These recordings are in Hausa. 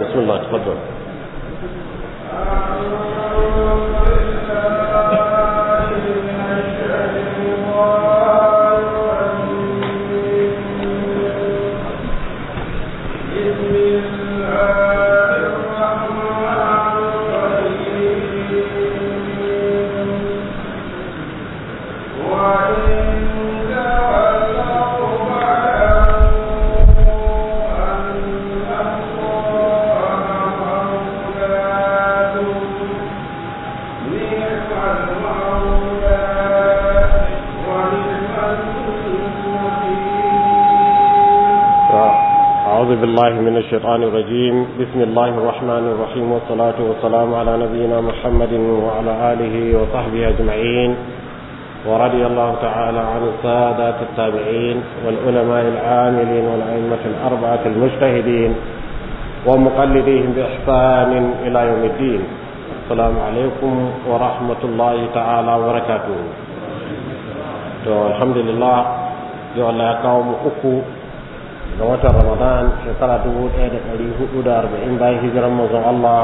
就是那，好的。بالله من الشيطان الرجيم بسم الله الرحمن الرحيم والصلاة والسلام على نبينا محمد وعلى آله وصحبه أجمعين ورضي الله تعالى عن السادة التابعين والعلماء العاملين والأئمة الأربعة المجتهدين ومقلديهم بإحسان إلى يوم الدين السلام عليكم ورحمة الله تعالى وبركاته الحمد لله يا الله قوم أكو ga watan ramadan shekara dubu ɗaya da ɗari hudu da arba'in bayan hijiran mazan allah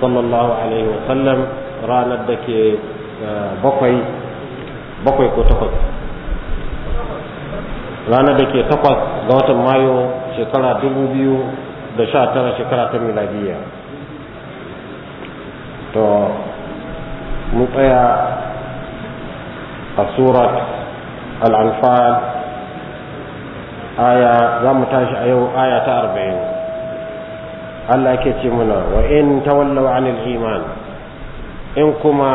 sallallahu alaihi wasallam ranar da ke eh, bakwai bakwai ko takwas ranar da ke takwas ga watan mayu shekara dubu biyu da sha tara shekara ta miladiyya to mu tsaya a surat al'anfal aya za mu tashi a yau aya ta arba'in Allah ke ce muna wa in tawallaw anil iman in kuma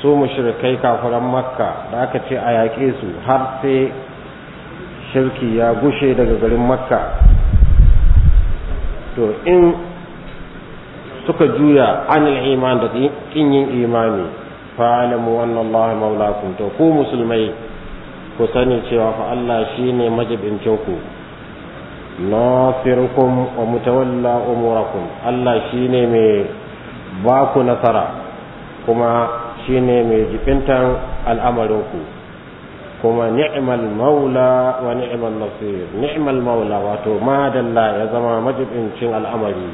su mushrikai kafiran makka da aka ce a yaƙe su har sai shirki ya gushe daga garin makka to in suka juya anil iman da kin yin imani fa'alamu wannan Allah maulakum to ku musulmai ku sani cewa fa Allah shi ne majibincin ku nafirukum wa mutawalla umurakum Allah shi ne mai ba ku nasara kuma shi ne mai jibintan al'amarinku kuma ni'mal maula wa ni'mal nasir ni'mal maula wato ma madalla ya zama majibincin al'amari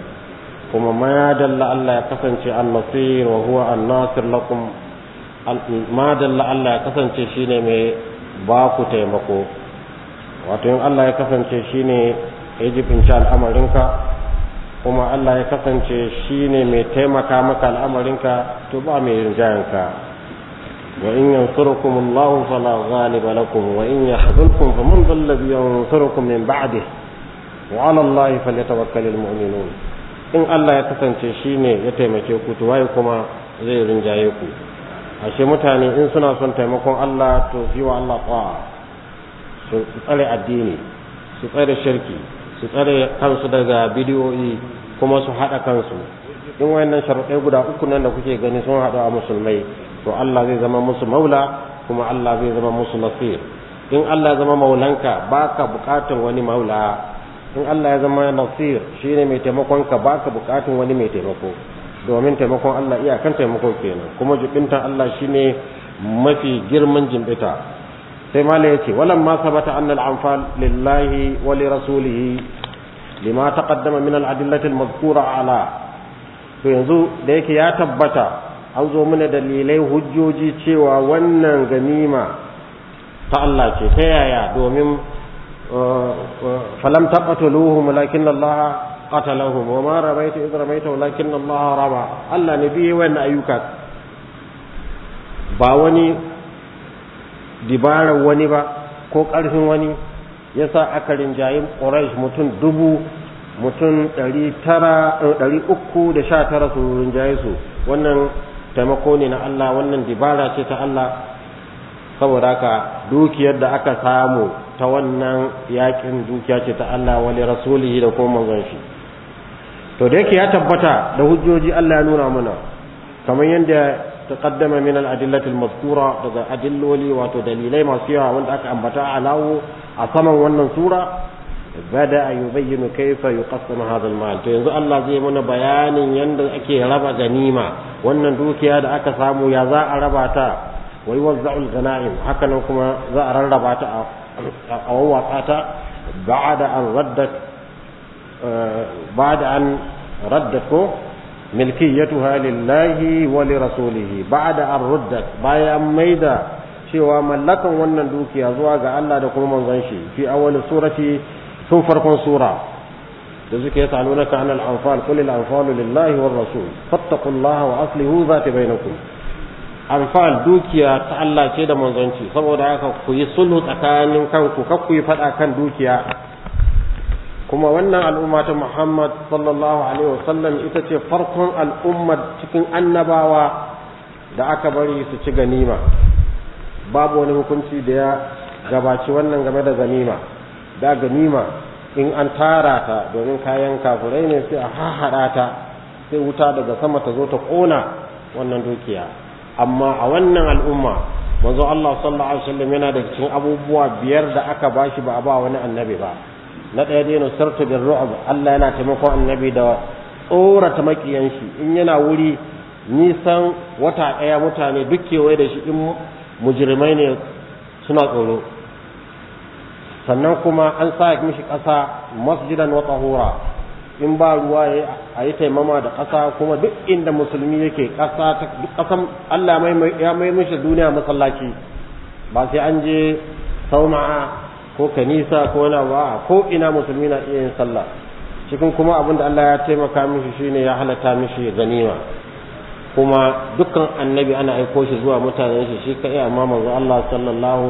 kuma ma madalla Allah ya kasance an-nasir wa huwa an-nasir lakum madalla Allah ya kasance shine mai ba ku taimako wato yin Allah ya kasance shine ne al'amarinka kuma Allah ya kasance shine mai taimaka maka al'amarinka to ba mai rinjayanka wa in yansurukum Allah fala ghaliba lakum wa in yakhzulkum faman dhalla yansurukum min ba'dih wa 'ala Allah falyatawakkalul mu'minun in Allah ya kasance shine ya taimake ku to waye kuma zai rinjaye ku ashe mutane in suna son taimakon Allah to yi Allah ta'a su tsare addini su tsare shirki su tsare kansu daga bidiyoyi kuma su haɗa kansu in wayannan sharuɗai guda uku nan da kuke gani sun haɗu a musulmai to Allah zai zama musu maula kuma Allah zai zama musu nasir in Allah zama maulanka baka bukatar wani maula in Allah ya zama nasir shine mai taimakonka baka bukatan wani mai taimako domin taimakon Allah iyakan taimakon kenan kuma jibinta Allah shine mafi girman jimbita sai mala yace walam ma sabata anna al-anfal lillahi wa li rasulih lima taqaddama min al-adillati al-madhkura ala to yanzu da yake ya tabbata an zo mana dalilai hujjoji cewa wannan ganima ta Allah ce ta yaya domin uh, uh, falam taqatuluhum lakin Allah qatalahum wa ma ramaita idh ramaita walakin Allah rama Allah ne biye wannan ayyuka ba wani dibarar wani ba ko ƙarfin wani yasa aka rinjayi Quraysh mutum dubu mutum ɗari da sha tara su rinjaye su wannan taimako ne na Allah wannan dibara ce ta Allah saboda haka dukiyar da aka samu ta wannan yakin dukiya ce ta Allah wani rasulihi da kuma manzon shi to da yake ya tabbata da hujjoji Allah ya nuna mana kamar yadda taqaddama min al-adillati al-mazkura daga adilloli wato dalilai masu yawa wanda aka ambata a lawo a saman wannan sura bada yubayyinu kayfa yuqassamu hadha al-mal to yanzu Allah zai mana bayanin yanda ake raba ganima wannan dukiya da aka samu ya za a raba ta wa yuwazza'u al-ghanaim haka kuma za a rarraba ta a wawwatsa ta ba'da an raddat بعد أن ردته ملكيتها لله ولرسوله بعد أن ردت بايا ميدا cewa mallakan wannan dukiya zuwa ga Allah da kuma manzon shi fi awwal surati tun farkon sura da suke ya salo na kanal anfal qul al anfal lillahi war rasul fattaqullaha wa aslihu zati bainakum anfal dukiya ta Allah ce da manzon saboda haka kuyi yi sulhu tsakanin kanku kar ku yi fada kan dukiya kuma wannan al'umma ta Muhammad sallallahu alaihi wasallam ita ce farkon al'umma cikin annabawa da aka bari su ci ganima babu wani hukunci da ya gabaci wannan game da ganima da ganima in an tara ta domin kayan kafurai ne sai a hahara ta sai wuta daga sama ta zo ta kona wannan dukiya amma a wannan al'umma manzo Allah sallallahu alaihi wasallam yana da cikin abubuwa biyar da aka bashi ba a ba wani annabi ba na ɗaya dai nusartu bin ru'ab Allah yana taimakon annabi da tsorata makiyan shi in yana wuri nisan wata ɗaya mutane duk kewaye da shi in mujirmai ne suna tsoro sannan kuma an sa mishi ƙasa masjidan wa tahura in ba ruwa a yi taimama da ƙasa kuma duk inda musulmi yake ƙasa duk ƙasan Allah ya mai mishi duniya masallaci ba sai an je sauma'a ko kanisa ko na ba ko ina musulmi na iya yin sallah cikin kuma abin da Allah ya taimaka mishi shine ya halatta mishi ganima kuma dukkan annabi ana aiko shi zuwa mutanen shi shi kai amma manzo Allah sallallahu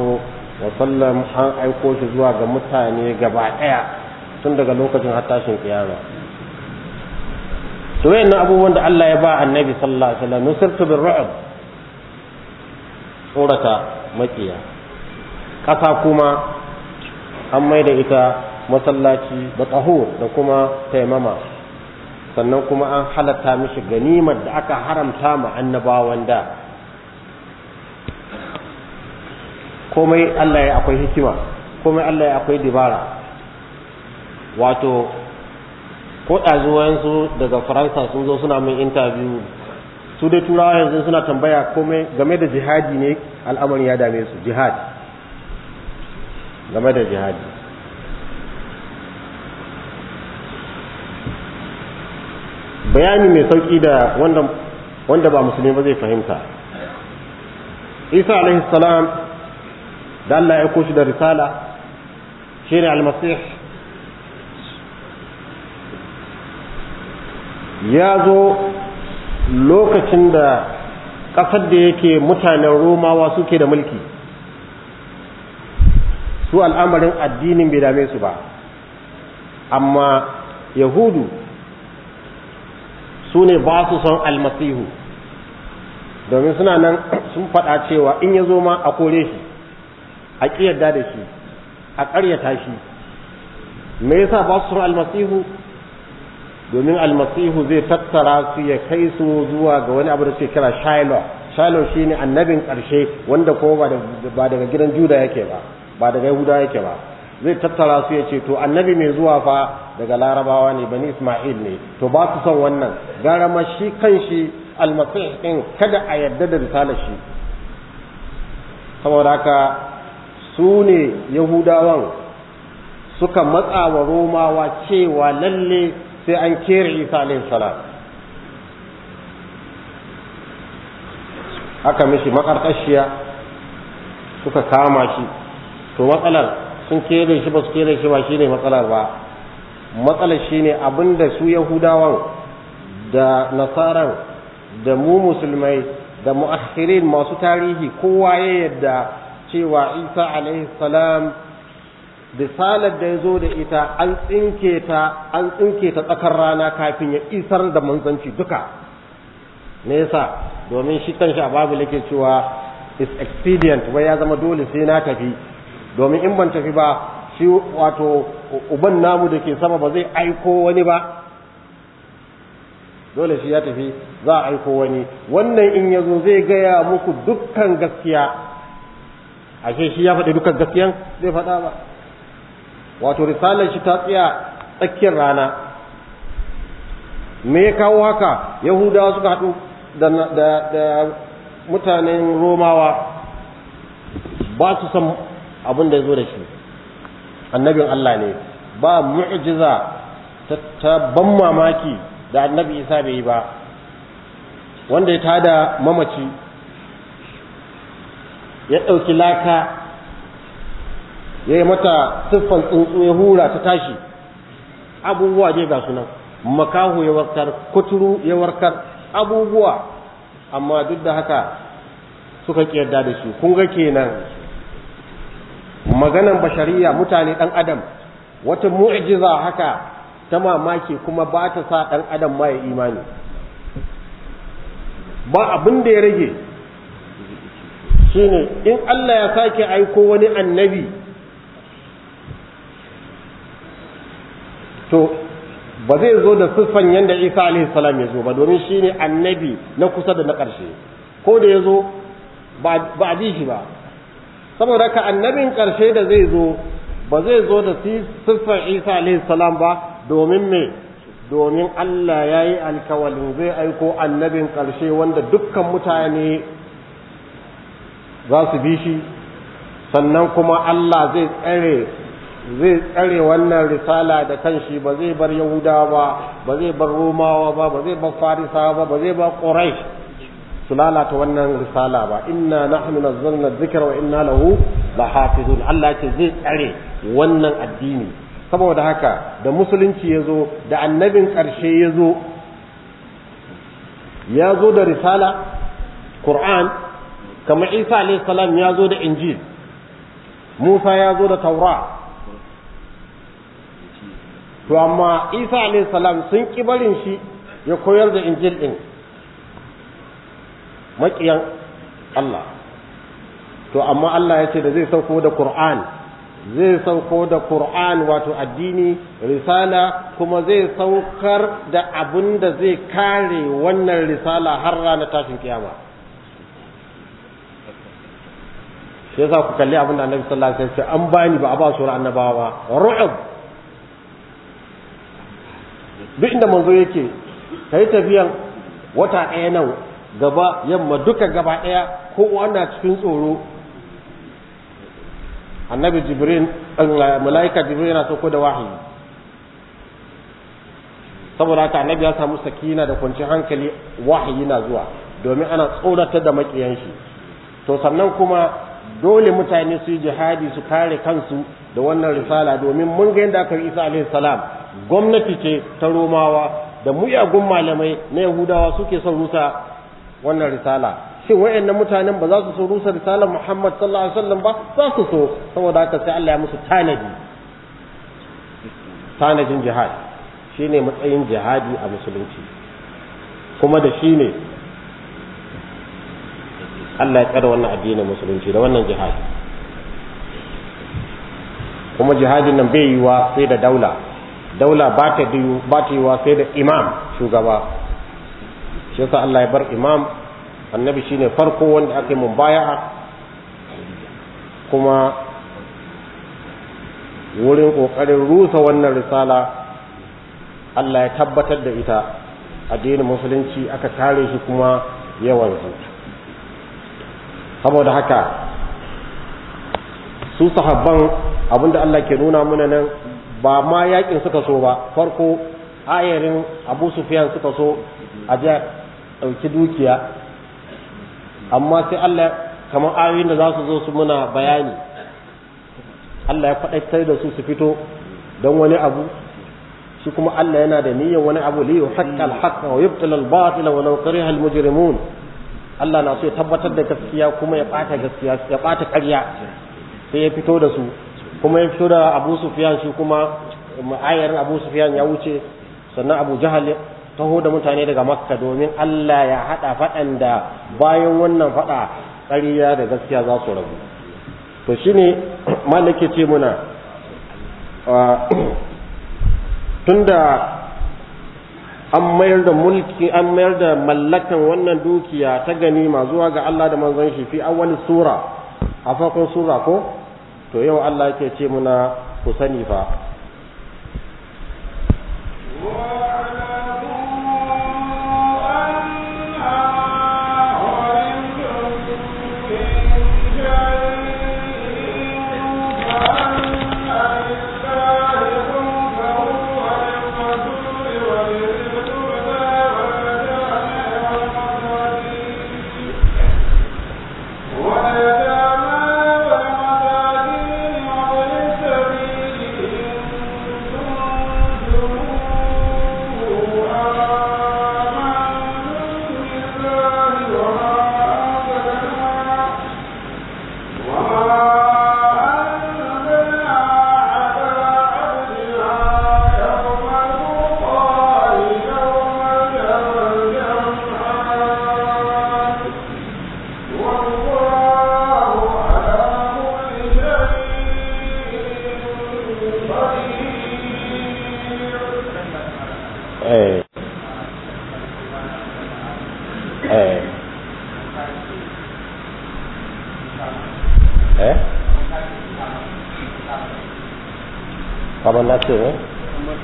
wa sallam an aiko shi zuwa ga mutane gaba daya tun daga lokacin har shin kiyama to wayannan abubuwan da Allah ya ba annabi sallallahu alaihi wasallam nusirtu birru'b tsorata makiya kasa kuma an mai da ita masallaci da tsaho da kuma taimama sannan kuma an halatta mishi ganimar da aka haramta ma annabawan da komai Allah ya akwai hikima komai Allah ya akwai dibara wato ko ɗazuwansu daga faransa sun zo suna min intabiyu su dai turawa yanzu suna tambaya komai game da jihadi ne al'amari ya dame su jihadi game da jihadi bayani mai sauki da wanda ba musulmi ba zai fahimta isa alaihi salam da Allah ya koshi da risala ne almasih ya zo lokacin da ƙasar da yake mutanen romawa suke da mulki su al'amarin addinin bai dame su ba amma yahudu su ne ba su son almasihu domin suna nan sun faɗa cewa in ya zo ma a kore shi a yarda da shi a ƙaryata shi me yasa ba su son almasihu domin almasihu zai tattara su ya kai su zuwa ga wani abu da suke kira shiloh shiloh shine annabin ƙarshe wanda kowa ba daga gidan juda yake ba ba daga yahuda yake ba zai tattara su ya ce to annabi mai zuwa fa daga larabawa ne bani isma'il ne to ba su son wannan gara ma shi kan shi almasih din kada a yarda da risalar shi saboda haka su ne yahudawan suka matsa wa romawa cewa lalle sai an kere isa alaihi salam aka mishi makarkashiya suka kama shi to matsalar sun kere shi ba su kere shi ba shine matsalar ba matsalar shine abinda su yahudawan da nasaran da mu musulmai da mu'ahirin masu tarihi kowa ya yadda cewa isa alaihi salam risalar da ya zo da ita an tsinke ta an tsinke ta tsakar rana kafin ya isar da manzanci duka nesa domin shi kanshi a babu yake cewa is expedient wai ya zama dole sai na tafi domin in ban tafi ba shi wato uban namu da ke sama ba zai aiko wani ba dole shi ya tafi za a aiko wani wannan in ya zai gaya muku dukkan gaskiya ashe shi ya faɗi dukkan gaskiyan zai faɗa ba wato risalar shi ta tsaya tsakiyar rana me ya kawo haka yahudawa suka haɗu da, da mutanen romawa ba su san abin da ya zo da shi annabin Allah ne ba mu'jiza ta ban mamaki da annabi isa bai yi ba wanda ya tada mamaci ya ɗauki laka ya yi mata siffan tsuntsu ya hura ta tashi abubuwa dai ga sunan Makahu ya warkar kuturu ya warkar abubuwa amma duk da haka suka yarda da shi kun ga kenan maganan bashariya mutane ɗan adam wata mu'jiza haka ta mamaki kuma ba ta sa ɗan adam ma ya imani ba abin da ya rage shine in Allah ya sake aiko wani annabi to ba zai zo da siffan yadda Isa alaihi salam ya zo ba domin shine annabi na kusa da na ƙarshe ko da ya zo ba a ji shi ba saboda ka annabin ƙarshe da zai zo ba zai zo da siffar isa alaihi salam ba domin me domin Allah ya yi alkawalin zai aiko annabin ƙarshe wanda dukkan mutane za su bi shi sannan kuma Allah zai tsare zai tsare wannan risala da kanshi ba zai bar yahudawa ba ba zai bar romawa ba ba zai bar farisawa ba ba zai bar quraish su lalata wannan risala ba inna nahnu nazzalna dhikra wa inna lahu lahafizun Allah ce zai tsare wannan addini saboda haka da musulunci yazo da annabin karshe yazo ya zo da risala Qur'an kamar Isa alayhi salam ya zo da Injil Musa ya zo da Taura to amma Isa alayhi salam sun ki barin shi ya koyar da Injil din maƙiyan Allah to amma Allah ya ce da zai sauko da Qur'an zai sauko da Qur'an wato addini risala kuma zai saukar da abin da zai kare wannan risala har ranar tashin kiyama sai za ku kalli abin da Annabi sallallahu alaihi wasallam an bani ba a ba sura annabawa ba ru'ub duk inda manzo yake kai tafiyan wata ɗaya nan gaba yamma duka gaba ɗaya ko wanda cikin tsoro annabi jibrin mala'ika jibrin yana sauko da wahayi saboda haka annabi ya samu sakina da kwanciyar hankali wahayi na zuwa domin ana tsoratar da makiyan shi to sannan kuma dole mutane su yi jihadi su kare kansu da wannan risala domin mun ga yadda aka isa alaihi salam gwamnati ce ta romawa da muyagun malamai na yahudawa suke son rusa wannan risala shin wayannan mutanen ba za su so rusa risalar Muhammad sallallahu alaihi wasallam ba za su so saboda haka sai Allah ya musu tanadi tanadin jihad shine matsayin jihadi a musulunci kuma da shine Allah ya tsara wannan addinin musulunci da wannan jihad kuma jihadin nan bai yiwa sai da daula daula ba ta yiwa sai da imam shugaba shi yasa Allah ya bar imam annabi shine farko wanda aka yi mumbaya'a kuma wurin kokarin rusa wannan risala Allah ya tabbatar da ita addinin musulunci aka tare shi kuma yawan saboda haka su sahabban abinda Allah ke nuna muna nan ba ma yakin suka so ba farko ayarin abu sufiyan suka so a ɗauki dukiya amma sai Allah kamar ayoyin da za su zo su muna bayani Allah ya faɗaitar da su su fito don wani abu shi kuma Allah yana da niyyar wani abu li yuhaqqal haqqa wa yubtil batila wa law kariha al mujrimun Allah na so ya tabbatar da gaskiya kuma ya bata gaskiya ya bata ƙarya sai ya fito da su kuma ya fito da Abu Sufyan shi kuma ma'ayar Abu Sufyan ya wuce sannan Abu Jahal taho da mutane daga makka domin Allah ya haɗa faɗan da bayan wannan faɗa ƙarya da gaskiya za su rabu to shine malike ce muna tunda an mayar da mulki an mayar da mallakan wannan dukiya ta gani ma zuwa ga Allah da manzon shi fi awwal sura a farkon sura ko to yau Allah yake ce muna ku sani fa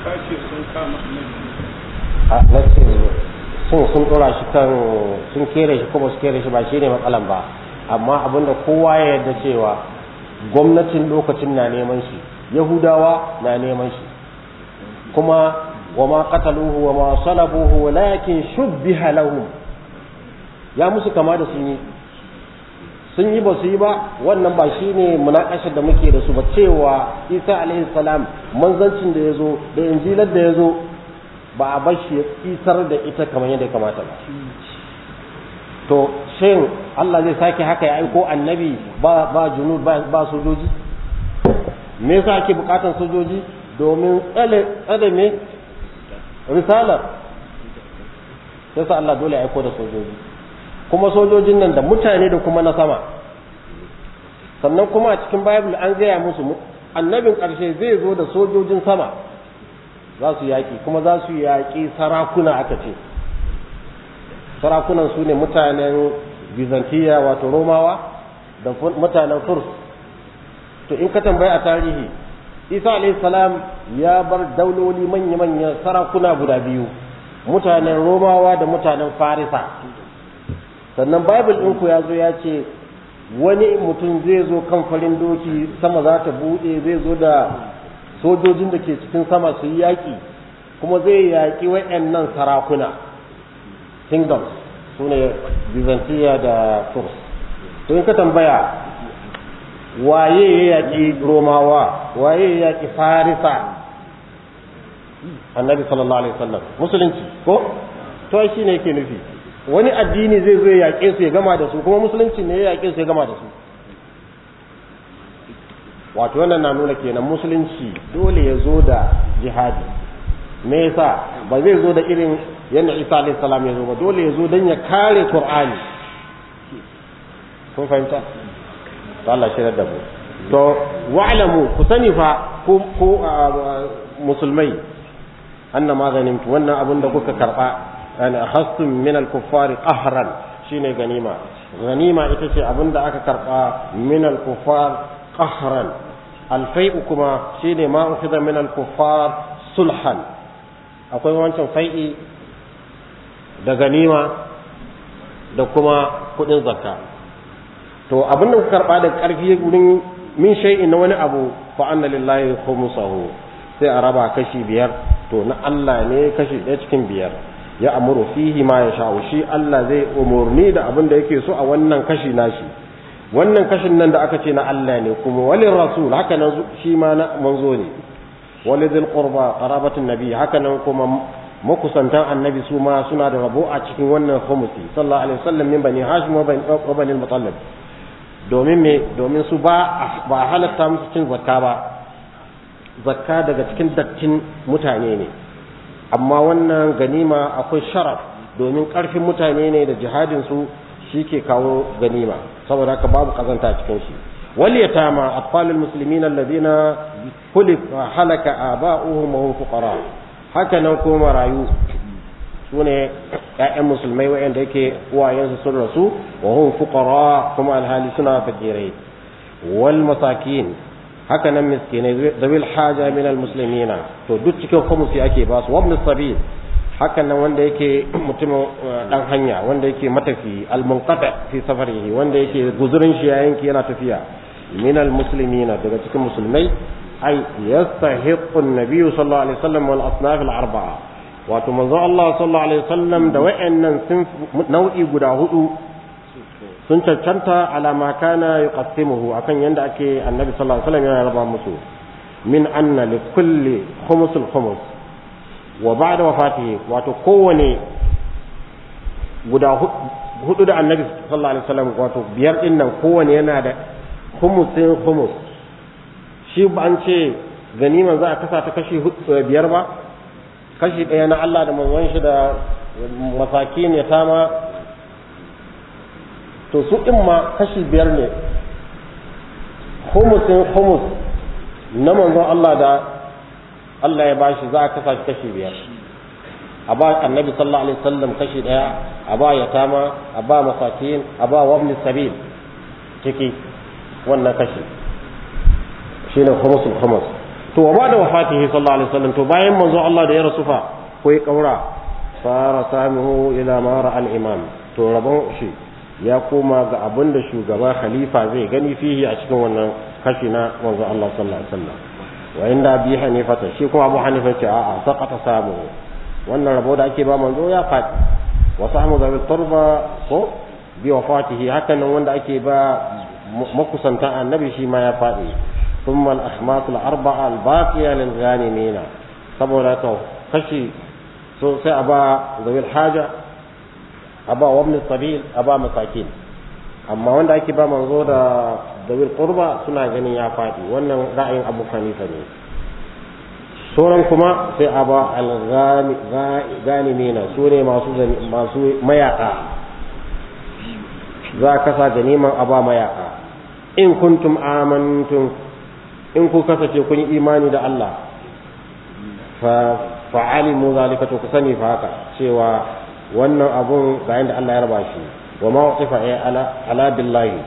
sun sun sun shi kan sun kere shi kuma su kere shi ba shi ne matsalan ba amma abinda kowa ya yarda cewa gwamnatin lokacin na neman shi yahudawa na neman shi kuma wa ma qataluhu wa ma salabuhu walakin shubbiha lahum ya musu kama da sun yi sun yi ba su yi ba wannan ba shi ne munakashar da muke da su ba cewa isa alaihi salam manzancin da ya zo da injilar da ya zo ba a bar shi isar da ita kamar yadda ya kamata ba to shin Allah zai sake haka ya aiko annabi ba ba junud ba, sojoji me yasa ake bukatan sojoji domin tsale tsale me risalar sai sa Allah dole ya aiko da sojoji kuma sojojin nan da mutane da kuma na sama sannan kuma a cikin bible an gaya musu annabin ƙarshe zai zo da sojojin sama za su yaƙi kuma za su yaƙi sarakuna aka ce sarakunan su ne mutanen byzantiya wato romawa da mutanen furs to in ka tambaya a tarihi isa alayhi salam ya bar dauloli manya manya sarakuna guda biyu mutanen romawa da mutanen farisa sannan babul ɗinku ya zo ya ce wani mutum zai zo kan farin doki sama za ta buɗe zai zo da sojojin da ke cikin sama su yi yaƙi kuma zai yaƙi wayannan sarakuna kingdoms su ne byzantiya da turs to in ka tambaya waye ya yaƙi romawa waye ya yaƙi farisa annabi sallallahu alaihi wasallam musulunci ko to shi ne yake nufi wani addini zai zo ya yaƙe su ya gama da su kuma musulunci ne ya yaƙe su ya gama da su wato wannan na nuna kenan musulunci dole ya zo da jihadi me yasa ba zai zo da irin yadda isa alayhi salam ya zo ba dole ya zo dan ya kare qur'ani kun fahimta ta Allah shirar da mu to wa'lamu ku sani fa ko ah, musulmai maganin ganin wannan abin da kuka karba an ahassum min al-kuffari qahran shine ganima ganima ita ce abinda aka karba min al-kuffar qahran al-fai'u kuma shine ma ukhidha min al-kuffar sulhan akwai wancan fai'i da ganima da kuma kudin zakka to abinda aka karba da karfi gurin min shay'in na wani abu fa anna lillahi khumsahu sai a raba kashi biyar to na Allah ne kashi ɗaya cikin biyar ya amuru fihi ma ya sha'u shi Allah zai umurni da abin da yake so a wannan kashi nashi wannan kashin nan da aka ce na Allah ne kuma walin rasul haka nan shi ma na manzo ne walidil qurba qarabatun nabi haka nan kuma makusantan annabi su ma suna da rabo a cikin wannan khumusi sallallahu alaihi wasallam min bani hashim wa bani wa al domin me domin su ba ba halatta musu cin zakka ba zakka daga cikin dattin mutane ne amma wannan ganima akwai sharaf domin ƙarfin mutane ne da jihadin su ke kawo ganima saboda haka babu kazanta cikin shi wal yatama atfalul muslimin alladhina kulif halaka aba'uhum wa fuqara haka nan ko marayu sune ƴaƴan musulmai wayanda yake uwayensu sun rasu wa hum fuqara kuma alhali suna fakirai wal masakin haka nan miskinai zawil haja min almuslimina to duk cikin khumusi ake ba su wabn sabil haka nan wanda yake mutumin eh, dan hanya wanda yake matafi almunqata fi safarihi wanda yake guzurin shi yayin ki yana tafiya min almuslimina daga cikin musulmai ay yastahiqqu an-nabiy sallallahu alaihi wasallam wal asnaf al-arba'a wato manzo Allah sallallahu alaihi wasallam da wa'annan sun nau'i guda hudu sun cancanta alama kana yuqassimuhu akan yanda ake annabi sallallahu alaihi wasallam yana raba musu min anna li kulli khumusul khumus wa ba'da wafatihi wato kowane guda hudu da annabi sallallahu alaihi wasallam wato biyar din nan kowane yana da khumusin khumus shi ba an ce ganiman za a kasa ta kashi biyar ba kashi daya na Allah da manzon shi da masakin ya to su in ma kashi biyar ne humusin humus na manzon Allah da Allah ya bashi za a kasa shi kashi biyar a ba annabi sallallahu alaihi wasallam kashi daya a ba yatama a ba masakin a ba wabni sabil ciki wannan kashi shine khumusul khumus to wa ba'da wafatihi sallallahu alaihi wasallam to bayan manzo Allah da ya rasu fa ko ya kaura fara samihu ila mara al imam to rabon shi ya koma ga abin da shugaba khalifa zai gani fihi a cikin wannan kashi na manzo Allah sallallahu alaihi wasallam wa inda bi hanifa ta shi kuma Abu Hanifa ce a'a saqata samu wannan rabo da ake ba manzo ya faɗi wa sahmu da turba ko bi wafatihi hakan nan wanda ake ba makusanta annabi shi ma ya faɗi thumma al-ahmas al-arba'a al-baqiya lil-ghanimina saboda to kashi so sai a ba zawil haja Aba ba wa sabil aba masakin amma wanda ake ba manzo da dawil qurba suna ganin ya faɗi wannan ra'ayin abu hanifa ne sauran kuma sai a al ghani ghani ne masu masu mayaka za ka sa ganiman a mayaka in kuntum amantum in ku kasace kun imani da Allah fa fa'alimu zalika to ku sani fa haka cewa wannan abun ga da Allah ya raba shi wa ma utifa ala ala billahi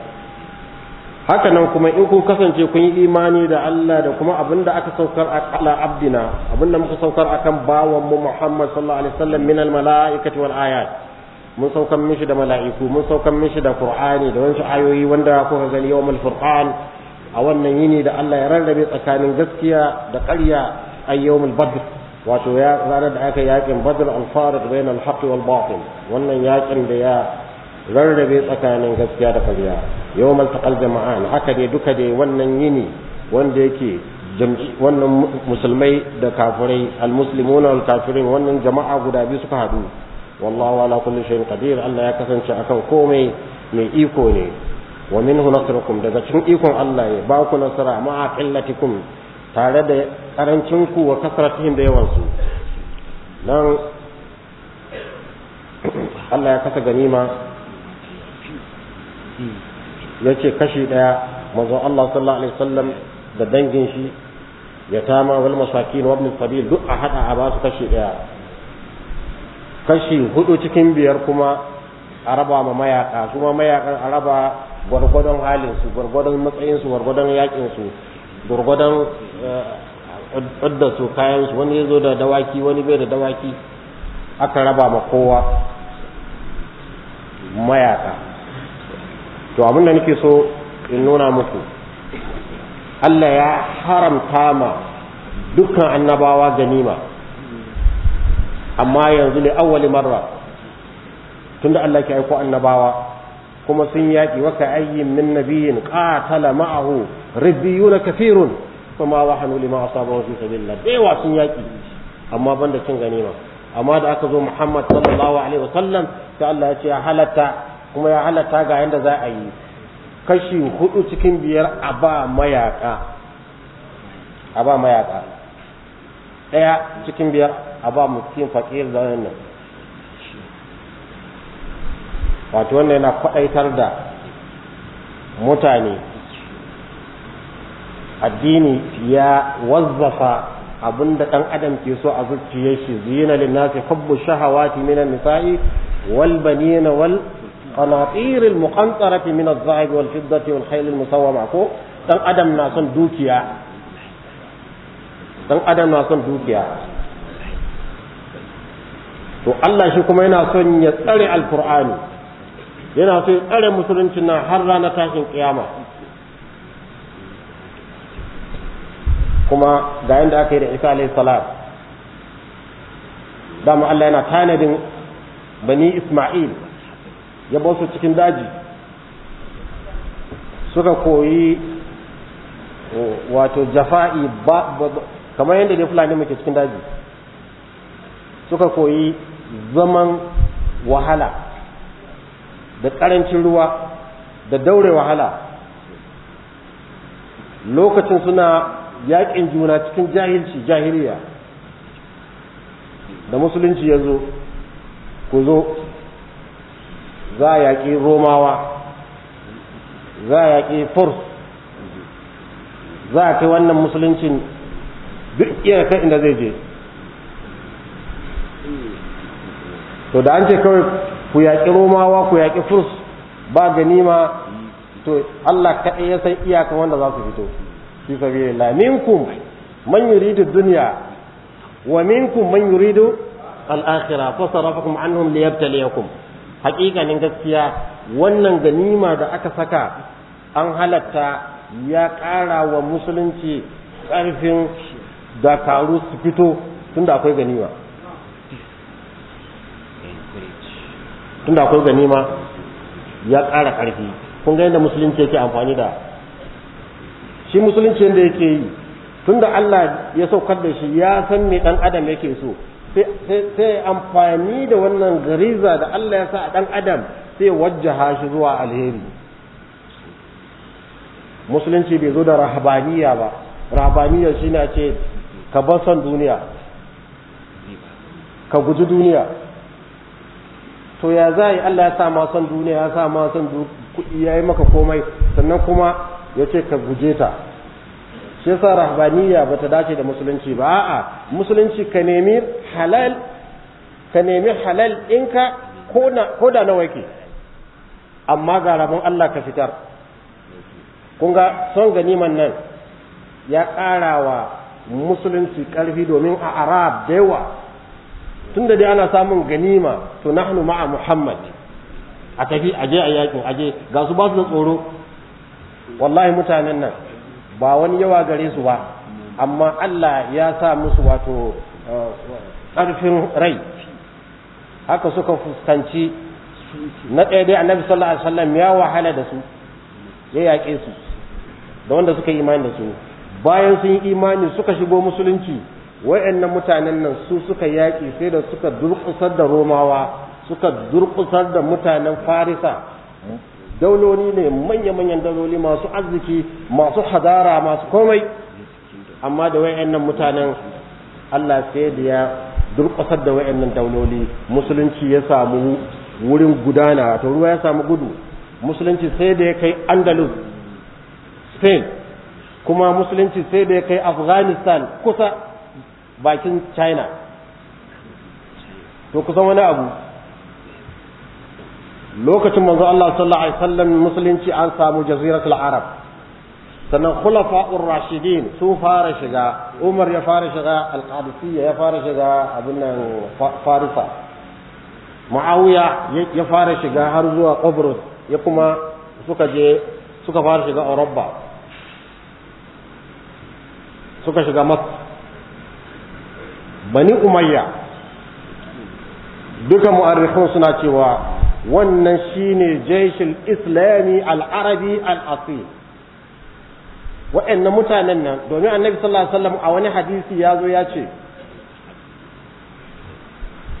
haka nan kuma in kun kasance kun yi imani da Allah da kuma abin da aka saukar a ala abdina abin da muka saukar akan bawan mu Muhammad sallallahu alaihi wasallam min al malaikati wal ayat mun saukan mishi da mala'iku mun saukan mishi da qur'ani da wasu ayoyi wanda kuka gani yawmul furqan a wannan yini da Allah ya rarrabe tsakanin gaskiya da ƙarya a yawmul badr wato ya ranar da aka yakin badr al-farid bain al-haqq wal batil wannan yakin da ya rarrabe tsakanin gaskiya da ƙarya yawmal taqal jama'an haka ne duka dai wannan yini wanda yake wannan musulmai da kafirai al-muslimuna wal kafirin wannan jama'a guda biyu suka hadu wallahu ala kulli shay'in qadir Allah ya kasance akan komai mai iko ne wa minhu nasrukum daga cikin ikon Allah ya ba ku nasara ma'a qillatikum tare da karancin ku wa kasratihim da yawan su Allah ya kasa ganima Ya ce kashi daya manzon Allah sallallahu alaihi wasallam da dangin shi ya tama wal masakin wa ibn sabil duk a hada a ba su kashi daya kashi hudu cikin biyar kuma a raba ma mayaka kuma mayakan a raba gwargwadon halinsu, su gwargwadon matsayin su gwargwadon yakin su gurgudan addasu eh, su kayan su wani yazo da dawaki wani bai da dawaki aka raba ma kowa mayaka to abin da nake so in nuna muku Allah ya haramta ma dukkan annabawa ganima amma yanzu ne awali marra tunda Allah ke aiko annabawa kuma sun yaki waka ayyin min nabiyin qatala ma'ahu ribbiyuna kafirun kuma ma wahanu lima asabahu fi sabilillah da yawa sun yaki amma banda cin ma amma da aka zo muhammad sallallahu alaihi wasallam sai Allah ya ce ya halatta kuma ya halatta ga yanda za a yi kashi hudu cikin biyar a ba mayaka a ba mayaka daya cikin biyar a ba mutum fakir zaunin nan wato wanda yana kwaɗaitar da mutane addini ya wazzafa abinda ɗan adam ke so a zuciyar shi zina lin nasi hubbu shahawati minan nisa'i wal banina wal qanatir muqantarati min al dhahab wal fiddati wal khayl al musawwama ko dan adam na son dukiya dan adam na son dukiya to Allah shi kuma yana son ya tsare alkur'ani yana so ya tsare musuluncin nan har ranar tashin kiyama kuma ga yanda aka yi da isa alayhi salat dama Allah yana tanadin bani Isma'il ya ba su cikin daji suka koyi wato jafa'i ba kamar yadda dai fulani muke cikin daji suka koyi zaman wahala da ƙarancin ruwa da daure wahala lokacin suna yaƙin juna cikin jahilci jahiliya da musulunci ya zo ku zo za a yaƙi romawa za a yaƙi furs za a kai wannan musuluncin duk iya kai inda zai je to da an ce kawai ku yaƙi romawa ku yaƙi furs ba ganima to allah kaɗai ya san iyakan wanda za su fito fi la minkum man yuridu dunya wa minkum man yuridu al-akhirah fa sarafakum anhum liyabtaliyakum haƙiƙanin gaskiya wannan ganima da aka saka an halatta ya ƙara wa musulunci ƙarfin dakaru su fito tunda akwai ganima tunda akwai ganima ya ƙara ƙarfi kun ga yadda musulunci yake amfani da shi musulunci da yake yi tun da Allah ya saukar da shi ya san me dan adam yake so sai amfani da wannan gariza da Allah ya sa a dan adam sai wajjaha shi zuwa alheri musulunci bai zo da rahabaniya ba rahabaniya shi na ce ka bar son duniya ka guji duniya to ya za yi Allah ya sa ma son duniya ya sa ma son kuɗi ya yi maka komai sannan kuma ya ce ka guje ta shi yasa rahbaniya bata dace da musulunci ba a'a musulunci ka nemi halal ka nemi halal ɗinka ko da nawa yake amma ga rabon Allah ka fitar kun ga son ganiman nan ya ƙara wa musulunci ƙarfi domin a arab da yawa tun da dai ana samun ganima to nahnu ma'a muhammad a tafi aje a yakin aje ga su ba su da tsoro wallahi mutanen nan ba wani yawa gare su ba amma Allah ya sa musu wato uh, ƙarfin rai haka suka fuskanci na ɗaya dai annabi sallallahu alaihi wasallam ya wahala da su ya yaƙe su da wanda suka yi imani da su bayan sun yi imani suka shigo musulunci wa'annan mutanen nan su suka yaƙi sai da suka durƙusar da romawa suka durƙusar da mutanen farisa dauloli ne manya-manyan dauloli masu arziki masu hadara masu komai amma da wayannan mutanen Allah sai da ya durƙasar da wayannan dauloli musulunci ya samu wurin gudana to ruwa ya samu gudu musulunci sai da ya kai Andalus Spain kuma musulunci sai da ya kai Afghanistan kusa bakin China to kusa wani abu lokacin manzo Allah sallallahu alaihi wasallam musulunci an samu jaziratul arab sannan khulafa'ur rashidin su fara shiga Umar ya fara shiga al-Qadisiyya ya fara shiga abin nan Farisa Muawiya ya fara shiga har zuwa Qabrus ya kuma suka je suka fara shiga Europa suka shiga mas Bani Umayya duka mu'arrikhun suna cewa wannan shine jeshin islami al'arabi al'asi wa'annan mutanen nan domin annabi sallallahu alaihi wasallam a wani hadisi ya zo ya ce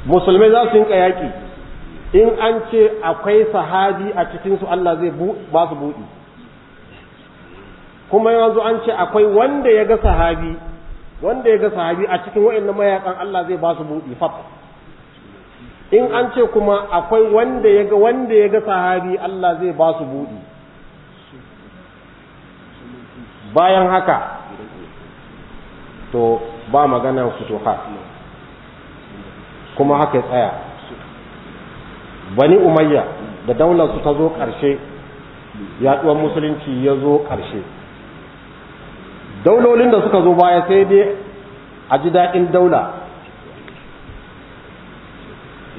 musulmai za su yinka yaƙi in an ce akwai sahabi a cikinsu Allah zai ba su buɗi kuma yanzu an ce akwai wanda ya ga sahabi wanda ya ga sahabi a cikin wa'annan mayakan Allah zai ba su buɗi fatta in an ce kuma akwai wanda ya ga wanda ya ga sahabi Allah zai ba su buɗi bayan haka to ba magana futuha kuma haka ya tsaya bani umayya da daular su ta zo ƙarshe yaɗuwar musulunci ya zo ƙarshe daulolin da suka zo baya sai dai a ji daɗin daula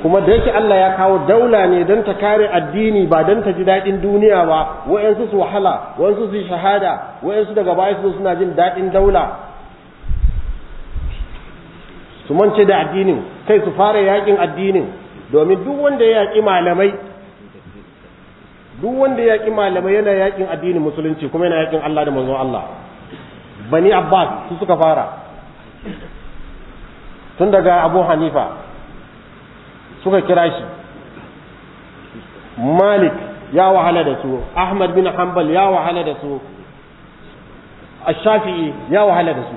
kuma da yake Allah ya kawo daula ne don ta kare addini ba don ta ji daɗin duniya ba wa'yansu su wahala wa'yansu su shahada wa'yansu daga baya su suna jin daɗin daula su mance da addinin kai su fara yaƙin addinin domin duk wanda ya yaƙi malamai duk wanda ya yaƙi malamai yana yaƙin addinin musulunci kuma yana yaƙin Allah da manzon Allah bani Abbas su suka fara tun daga Abu Hanifa suka kira shi malik ya wahala da su ahmad bin hanbal ya wahala da su Ashafi ya wahala da su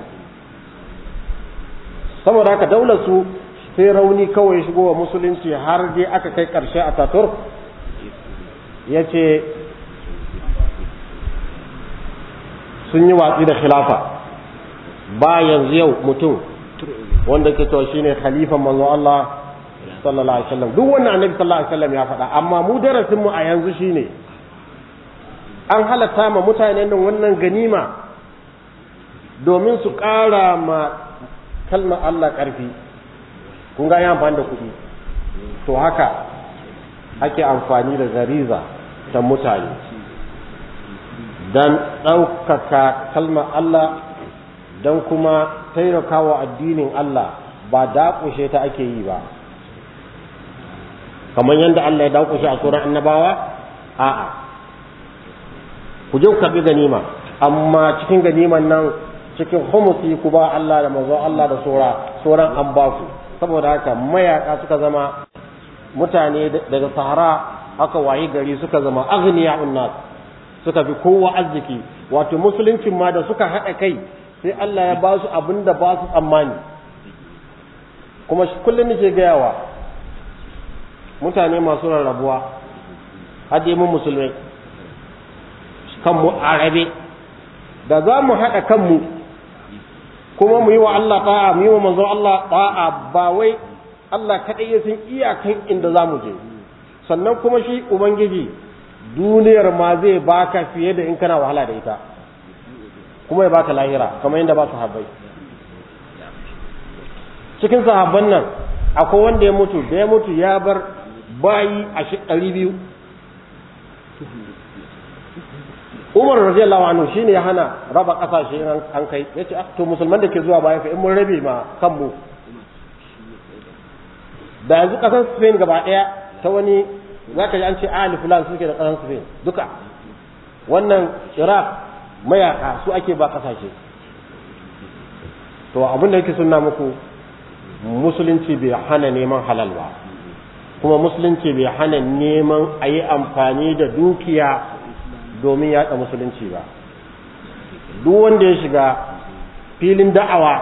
saboda haka daular su sai rauni kawai shigo wa musulunci har dai aka kai karshe a tatur ya ce sun yi watsi da khilafa ba yanzu yau mutum wanda ke to shine khalifa manzo Allah sallallahu alaihi wasallam duk wannan annabi sallallahu alaihi wasallam ya faɗa amma mu darasin mu a yanzu shine an halatta ma mutane nan wannan ganima domin su ƙara ma kalmar Allah ƙarfi kun ga amfani da kuɗi to haka ake amfani da gariza ta mutane don ɗaukaka kalmar Allah don kuma taimakawa addinin Allah ba daƙushe ta ake yi ba kamar yadda Allah ya dauko shi a tsoron annabawa a'a ku je ku karbi ganima amma cikin ganiman nan cikin humusi ku ba Allah da manzo Allah da sora sauran an ba ku saboda haka mayaka suka zama mutane daga sahara aka wayi gari suka zama aghniya unnas suka fi kowa arziki wato musuluncin ma da suka haɗa kai sai Allah ya ba su abin da ba su tsammani kuma kullum nake gayawa mutane masu rarrabuwa hade mu musulmai kanmu arabe da za mu haɗa kanmu kuma mu yi wa Allah ta'a mu yi wa manzon Allah ta'a ba wai Allah kaɗai ya san iyakan inda za mu je sannan kuma shi ubangiji duniyar ma zai baka fiye da in kana wahala da ita kuma ya baka lahira kamar yadda ba su habbai cikin sahabban nan akwai wanda ya mutu da ya mutu ya bar bayi a shi ɗari biyu umar radiyallahu shi shine ya hana raba ƙasashe an kai ce ah, to musulman da ke zuwa bayan ka in mun rabe ma kanmu da yanzu ƙasar Spain gaba ɗaya ta wani ka ji an ce ali fulan suke da ƙasar Spain duka wannan Iraq mayaka su ake ba ƙasashe to abin da yake sunna muku musulunci bai hana neman halal ba kuma musulunci bai hana neman a yi amfani da dukiya domin yaɗa musulunci ba duk wanda ya shiga filin da'awa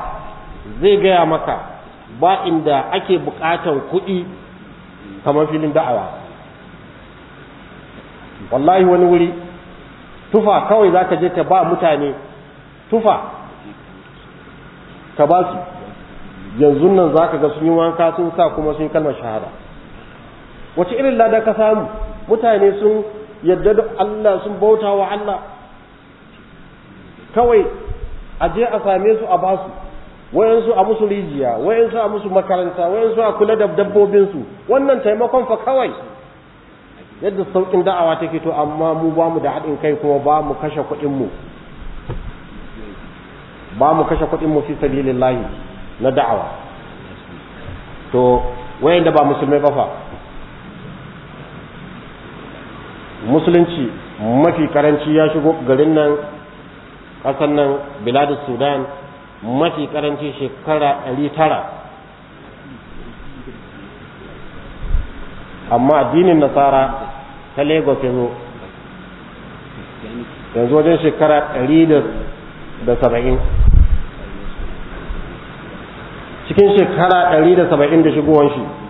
zai gaya maka ba inda ake bukatar kuɗi kamar filin da'awa wallahi wani wuri tufa kawai za ka je ka ba mutane tufa ka ba su yanzu nan za ka ga sun yi wanka sun sa kuma sun yi kalmar shahada wace irin lada ka samu mutane sun yadda da Allah sun bauta wa Allah kawai a je a same su a basu wayansu a musu rijiya wayansu a musu makaranta wayansu a kula da dabbobinsu wannan taimakon fa kawai yadda saukin da'awa take to amma mu ba mu da haɗin kai kuma ba mu kashe mu ba mu kashe mu fi sabilillahi na da'awa to wayanda ba musulmai ba fa musulunci mafi karanci ya shigo garin nan ƙasar nan biladun sudan mafi karanci shekara ɗari tara amma addinin nasara ta lagos ya zo yanzu wajen shekara ɗari da saba'in cikin shekara ɗari da saba'in da shigowar shi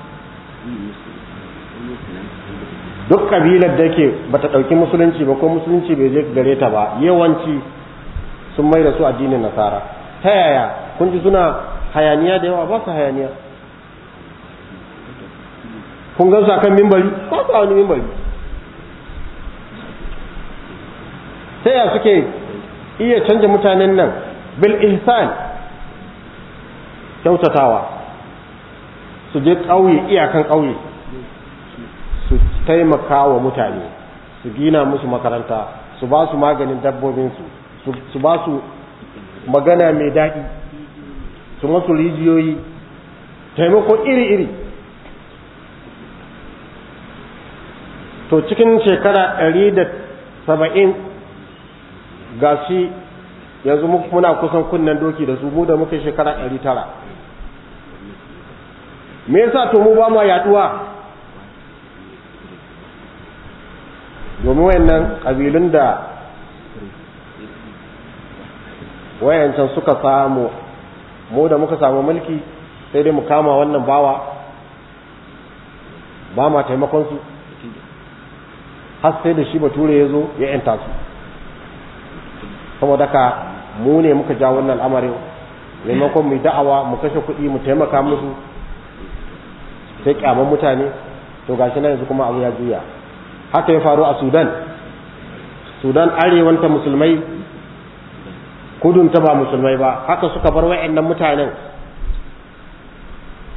duk kabilar da yake ta ɗauki musulunci ba ko musulunci bai je gare ta ba yawanci sun mai da su addinin nasara ta yaya kun ji suna hayaniya da yawa ba su hayaniya kun gan su akan mimbari ba su wani mimbari ta yaya suke iya canja mutanen nan bil ihsan kyautatawa su je ƙauye iyakan ƙauye taimaka wa mutane su gina musu makaranta su ba su maganin dabbobinsu su ba su magana mai daɗi su masu rijiyoyi taimako iri-iri to cikin shekara 170 da ga shi yanzu muna kusan kunnen doki da su da muka shekara 900 me yasa to mu ba ma yaduwa domin wayannan kabilun da wayancan suka samu mu da muka samu mulki sai dai mu kama wannan bawa ba ma taimakonsu har sai da shi bature ya zo ya yanta su saboda ka mu ne muka ja wannan al'amarin maimakon mu da'awa mu kashe kuɗi mu taimaka musu sai kyaman mutane to gashi na yanzu kuma abu ya juya haka ya faru a sudan sudan arewanta musulmai kudunta ba musulmai ba haka suka bar wa'annan mutanen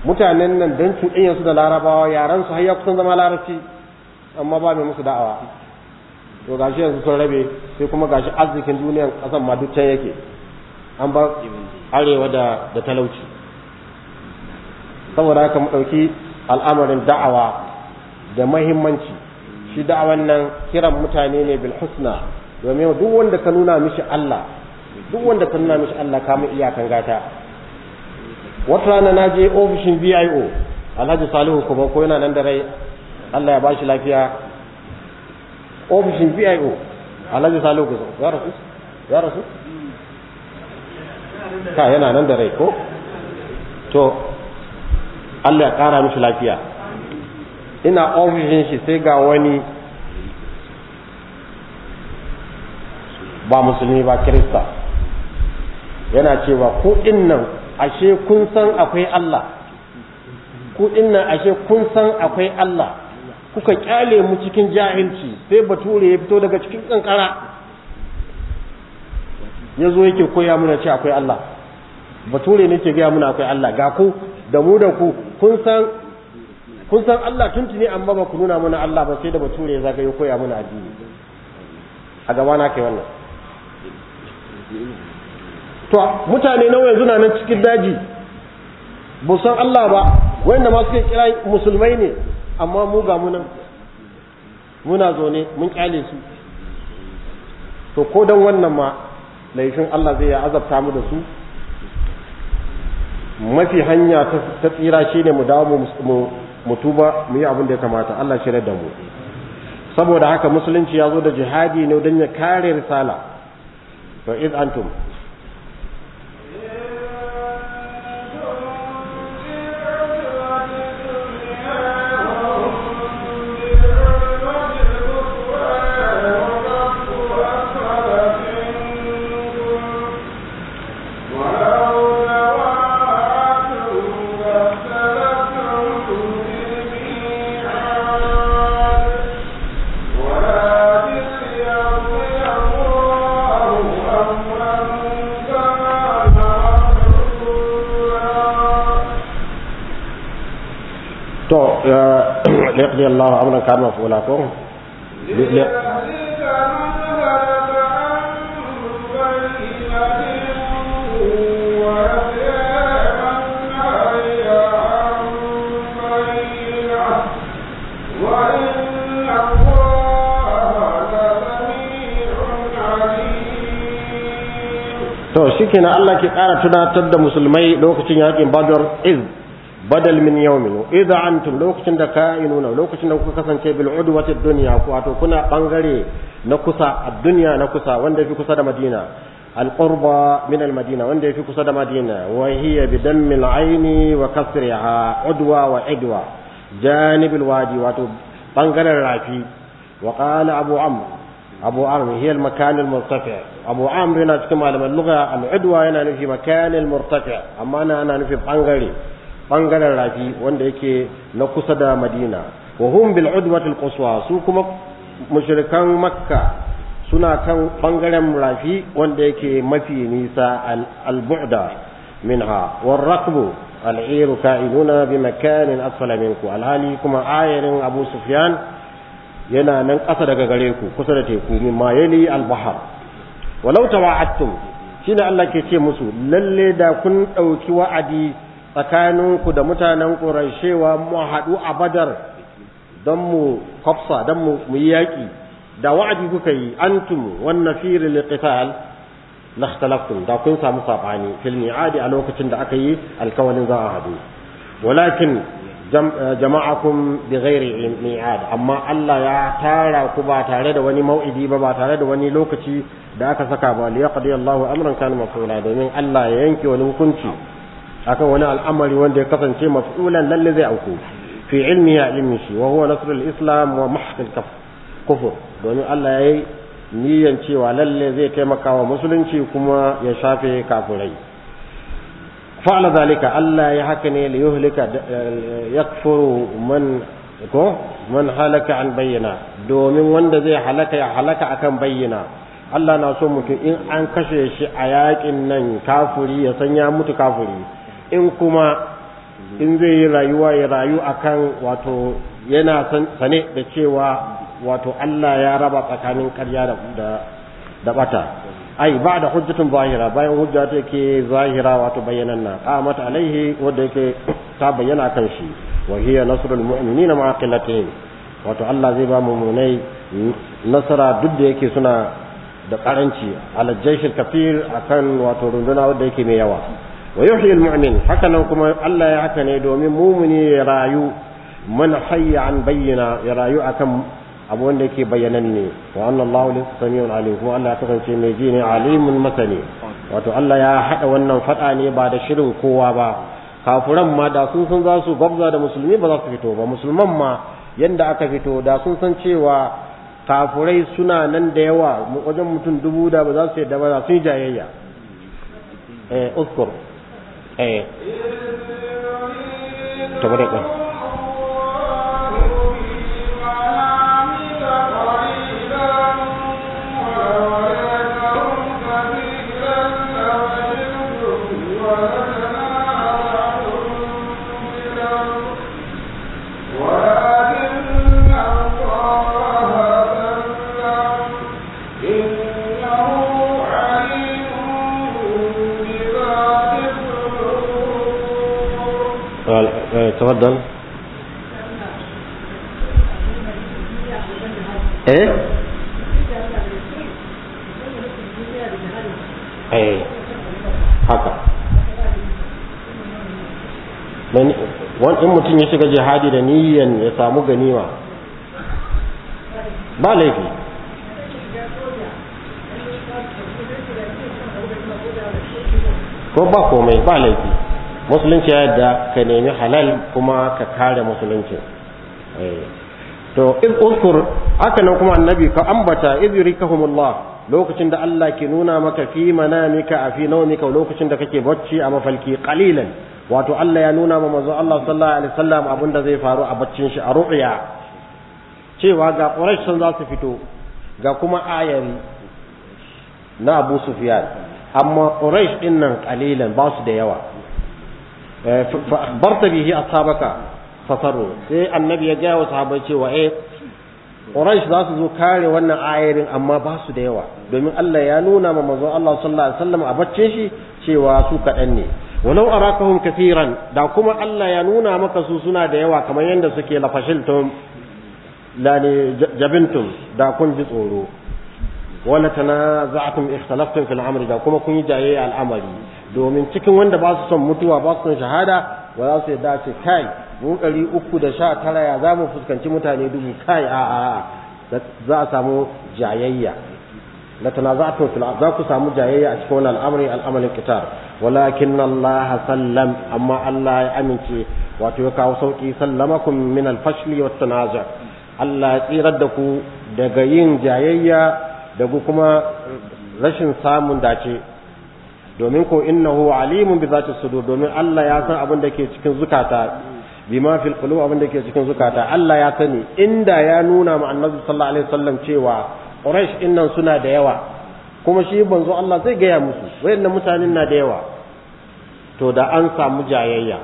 mutanen nan don cuɗinyarsu da larabawa yaran su har kusan zama larabci amma ba mai musu da'awa to gashi yanzu sun rabe sai kuma gashi arzikin duniyan ƙasan ma duk can yake an bar arewa da da talauci saboda haka mu ɗauki al'amarin da'awa da mahimmanci shi da'awan nan kiran mutane ne bil husna domin duk wanda ka nuna mishi Allah duk wanda ka nuna mishi Allah ka mu iya kangata wata rana na je ofishin BIO Alhaji Salihu kuma ko yana nan da rai Allah ya bashi lafiya ofishin BIO Alhaji Salihu ko ya rasu ya rasu ka yana nan da rai ko to Allah ya kara mishi lafiya ina ofishin shi sai ga wani ba musulmi ba kirista yana cewa ku nan ashe kun san akwai Allah ku nan ashe kun san akwai Allah kuka kyale mu cikin jahilci sai bature ya fito daga cikin kankara ya zo yake koya muna ce akwai Allah bature ne ke gaya muna akwai Allah ga ku da mu da ku kun san kun san Allah tuntuni amma ba ku nuna mana Allah ba sai da bature ya zagaye koya mana addini a gaba na kai wannan to mutane nawa yanzu na nan cikin daji ba san Allah ba wanda ma suke kira musulmai ne amma mu ga munan muna zaune mun kyale su to ko dan wannan ma laifin Allah zai ya azabta mu da su mafi hanya ta tsira shine mu dawo mu mu tuba mu yi abin da ya kamata Allah shi da mu saboda haka musulunci ya zo da jihadi ne don ya kare risala to iz antum الله عنه kana fula قوم to shikenan Allah ke ƙara tunatar da musulmai lokacin yakin Badr iz badal min yawmin idza antum lokacin da ka'inuna lokacin da kuka kasance bil udwati dunya ku wato kuna bangare na kusa a dunya na kusa wanda fi kusa da madina al qurba min al madina wanda fi kusa da madina wa hiya bi dammi al aini wa kasriha udwa wa idwa janib al wadi wato bangaren rafi wa qala abu amr abu amr hiya al makan al murtafi abu amr yana cikin malaman lugha al udwa yana nufi makan al murtafi amma ana nufi bangare bangaren rafi wanda yake na kusa da madina wa hum bil udwatil quswa su kuma mushrikan makka suna kan bangaren rafi wanda yake mafi nisa al bu'da minha war rakbu al iru ka'inuna bi makanin asfala minku alhali kuma ayarin abu sufyan yana nan ƙasa daga gare ku kusa da teku min ma yali al bahar walau tawa'attum shine Allah ke ce musu lalle da kun ɗauki wa'adi tsakaninku da mutanen ƙurashewa mu haɗu a badar don mu kwafsa don mu yi yaƙi da wa'adi kuka yi antum wannan firi liqital na ikhtalaftum da kun samu sabani filmi adi a lokacin da aka yi alkawalin za a haɗu walakin eh, jama'akum bi ghairi mi'ad amma Allah ya tara ku ba tare da wani mau'idi ba ba tare da wani lokaci da aka saka ba liyaqdi Allahu amran kana mafula domin Allah ya yanke wani hukunci akan wani al'amari wanda ya kasance maf'ulan lalle zai auku fi ilmi ya ilmi shi wa huwa nasrul islam wa mahqil kufur domin Allah yayi niyan cewa lalle zai taimaka wa musulunci kuma ya shafe kafirai fa'ala zalika Allah ya haka ne li yuhlika yakfuru man ko man halaka an bayyana domin wanda zai halaka ya halaka akan bayyana Allah na so mutum in an kashe shi a yaƙin nan kafuri ya san ya mutu kafuri in kuma in zai yi rayuwa ya rayu akan wato yana sane da cewa wato Allah ya raba tsakanin karya da bata ai ba da hujjatun zahira bayan hujja ta yake zahira wato a qamat alaihi wanda yake ta bayyana kan shi wa hiya nasrul mu'minina ma qillatihim wato Allah zai ba mu munai nasara duk da yake suna da karanci alajjaishil kafir akan wato runduna wanda yake mai yawa wa yuhyi al-mu'min hakanan kuma Allah ya haka ne domin mumuni ya rayu man hayya an bayyana ya rayu akan abu wanda yake bayanan ne wa anna Allah samiun alim kuma Allah ya kasance mai jini ne alimun masani wato Allah ya hada wannan fada ne ba da shirin kowa ba kafuran ma da sun san za su gwabza da musulmi ba za su fito ba musulman ma yanda aka fito da sun san cewa kafurai suna nan da yawa wajen mutum dubu da ba za su yadda ba za su yi jayayya eh uskur 哎，怎么这个？تفضل ايه ايه haka in mutum ya shiga jihadi da niyan ya samu ganima ba laifi ko ba komai ba laifi musulunci ya yadda ka nemi halal kuma ka kare musulunci eh. to iz uskur haka nan kuma annabi ka ambata iz yurikahumullah lokacin da Allah ke nuna maka fi manamika a fi nawmika lokacin da kake bacci a mafalki qalilan wato Allah ya nuna ma manzo Allah sallallahu alaihi wasallam abin da zai faru a baccin shi a ru'ya cewa ga quraish sun za su fito ga kuma ayar na Abu Sufyan amma quraish din nan qalilan ba su da yawa Eh, fa akhbarta bihi ashabaka fasaru sai annabi ya gaya wa sahabbai cewa eh Quraysh za su zo kare wannan ayarin amma ba su da yawa domin Allah ya nuna ma manzon Allah sallallahu alaihi wasallam a barci shi cewa su kaɗan ne walau arakahum kathiran da kuma Allah ya nuna maka su suna da yawa kamar yadda suke lafashiltum la jabintum da kun ji tsoro wala tanaza'tum ikhtalaftum fil amri da kuma kun yi jayayya al'amari domin cikin wanda ba su son mutuwa ba su son shahada ba za su yadda ce kai mu ɗari uku da sha tara ya za mu fuskanci mutane dubu kai a a za a samu jayayya la tanaza'tum fil za ku samu jayayya a cikin wannan al'amari al'amarin kitar walakin Allah sallam amma Allah ya amince wato ya kawo sauki sallamakum min al-fashli wat tanaza' Allah ya tsirar da ku daga yin jayayya da kuma rashin samun dace domin ko innahu alimun bi zati sudur domin Allah ya san abin da ke cikin zukata bima fil qulub abin da ke cikin zukata Allah ya sani inda ya nuna ma annabi sallallahu alaihi wasallam cewa quraish innan suna da yawa kuma shi banzo Allah zai gaya musu wayannan mutanen na da yawa to da an samu jayayya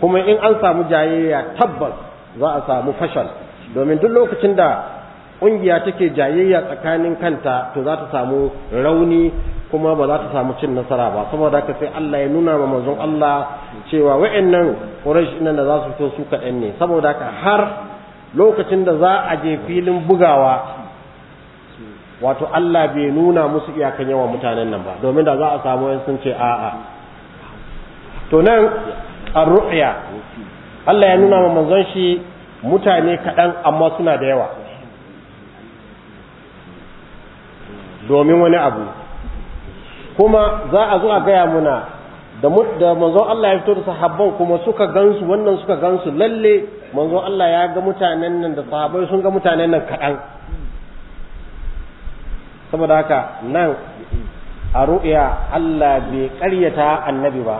kuma in an samu jayayya tabbas za a samu fashal domin duk lokacin da ƙungiya take jayayya tsakanin kanta to za ta samu rauni kuma ba za ta samu cin nasara ba saboda haka sai Allah ya nuna ma manzon Allah cewa wa'annan Quraysh nan da za su fito su kaɗan ne saboda haka har lokacin da za a je filin bugawa wato Allah bai nuna musu iyakan yawa mutanen nan ba domin da za a samu yan sun ce a'a to nan ar-ru'ya Allah ya nuna ma manzon shi mutane kaɗan amma suna da yawa domin wani abu kuma za a zo a gaya muna da manzon Allah ya fito da sahabban kuma suka gansu wannan suka gansu lalle manzon Allah ya ga mutanen nan da sahabbai sun ga mutanen nan kaɗan saboda haka nan a ru'ya Allah bai ƙaryata annabi ba